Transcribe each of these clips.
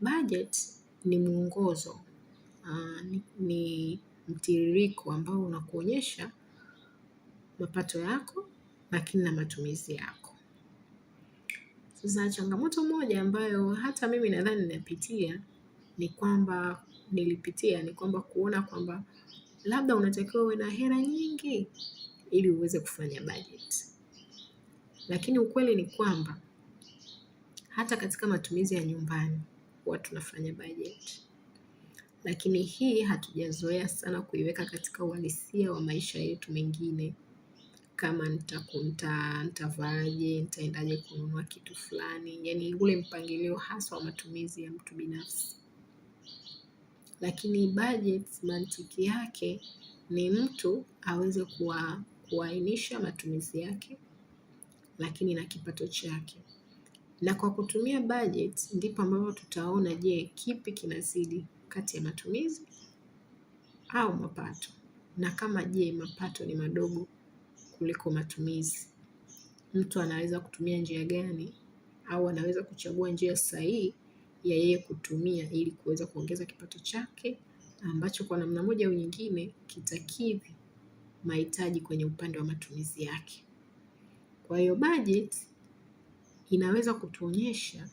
Budget ni mwongozo uh, ni, ni mtiririko ambao unakuonyesha mapato yako lakini na matumizi yako. Sasa changamoto moja ambayo hata mimi nadhani ninapitia ni kwamba nilipitia ni kwamba kuona kwamba labda unatakiwa uwe na hela nyingi ili uweze kufanya budget, lakini ukweli ni kwamba hata katika matumizi ya nyumbani tunapokuwa tunafanya bajeti, lakini hii hatujazoea sana kuiweka katika uhalisia wa maisha yetu mengine kama nitakunta nitavaaje, nitaendaje kununua kitu fulani, yani ule mpangilio hasa wa matumizi ya mtu binafsi. Lakini budget mantiki yake ni mtu aweze kuwa kuainisha matumizi yake, lakini na kipato chake na kwa kutumia budget ndipo ambapo tutaona, je, kipi kinazidi kati ya matumizi au mapato, na kama je, mapato ni madogo kuliko matumizi, mtu anaweza kutumia njia gani au anaweza kuchagua njia sahihi ya yeye kutumia ili kuweza kuongeza kipato chake ambacho kwa namna moja au nyingine kitakidhi mahitaji kwenye upande wa matumizi yake. Kwa hiyo budget inaweza kutuonyesha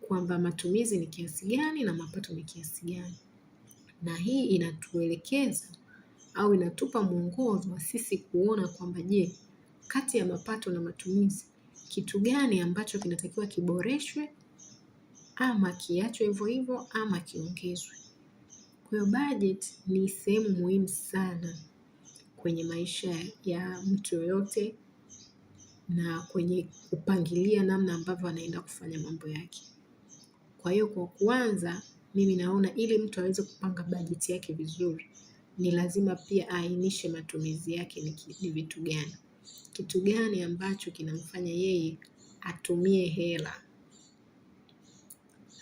kwamba matumizi ni kiasi gani na mapato ni kiasi gani, na hii inatuelekeza au inatupa mwongozo wa sisi kuona kwamba je, kati ya mapato na matumizi kitu gani ambacho kinatakiwa kiboreshwe ama kiachwe hivyo hivyo ama kiongezwe. Kwa hiyo budget ni sehemu muhimu sana kwenye maisha ya mtu yoyote na kwenye kupangilia namna ambavyo anaenda kufanya mambo yake. Kwa hiyo kwa kwanza mimi naona ili mtu aweze kupanga bajeti yake vizuri, ni lazima pia aainishe matumizi yake ni vitu gani, kitu gani ambacho kinamfanya yeye atumie hela.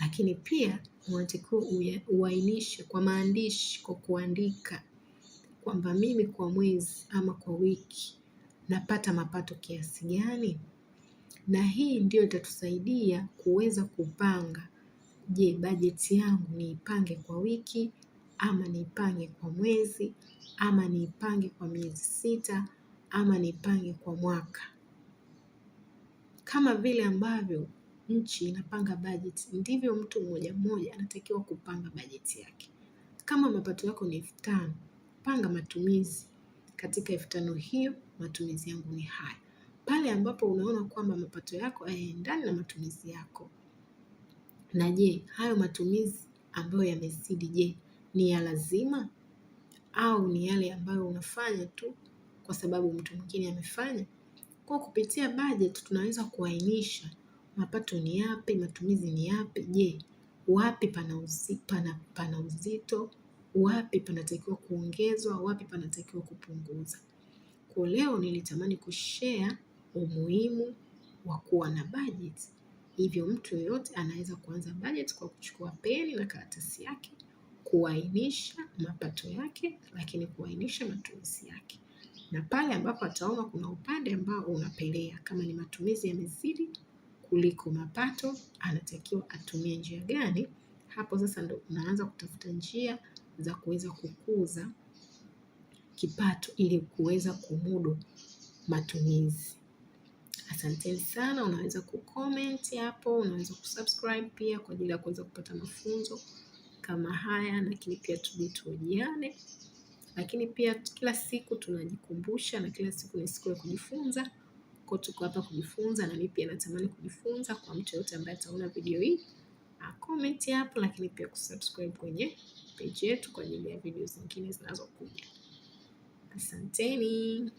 Lakini pia unatakiwa uainishe kwa maandishi, kwa kuandika kwamba mimi kwa mwezi ama kwa wiki napata mapato kiasi gani? Na hii ndiyo itatusaidia kuweza kupanga. Je, bajeti yangu niipange kwa wiki ama niipange kwa mwezi ama niipange kwa miezi sita ama niipange kwa mwaka. Kama vile ambavyo nchi inapanga bajeti, ndivyo mtu mmoja mmoja anatakiwa kupanga bajeti yake. Kama mapato yako ni elfu tano, panga matumizi katika elfu tano hiyo matumizi yangu ni haya. Pale ambapo unaona kwamba mapato yako hayaendani na matumizi yako, na je, hayo matumizi ambayo yamezidi, je, ni ya lazima au ni yale ambayo unafanya tu kwa sababu mtu mwingine amefanya? Kwa kupitia bajeti tunaweza kuainisha mapato ni yapi, matumizi ni yapi. Je, wapi pana pana, pana uzito wapi panatakiwa kuongezwa, wapi panatakiwa kupunguza. Kwa leo nilitamani kushare umuhimu wa kuwa na budget. Hivyo mtu yoyote anaweza kuanza budget kwa kuchukua peni na karatasi yake, kuainisha mapato yake, lakini kuainisha matumizi yake, na pale ambapo ataona kuna upande ambao unapelea, kama ni matumizi yamezidi kuliko mapato, anatakiwa atumie njia gani? Hapo sasa ndo unaanza kutafuta njia za kuweza kukuza kipato ili kuweza kumudu matumizi. Asanteni sana, unaweza kucomment hapo, unaweza kusubscribe pia kwa ajili ya kuweza kupata mafunzo kama haya, lakini pia tuje lakini pia kila siku tunajikumbusha, na kila siku ni siku ya kujifunza. Kwa tuko hapa kujifunza, na mimi pia natamani kujifunza. Kwa mtu yoyote ambaye ataona video hii, comment hapo, lakini pia kusubscribe kwenye page yetu kwa ajili ya video zingine zinazokuja. Santini.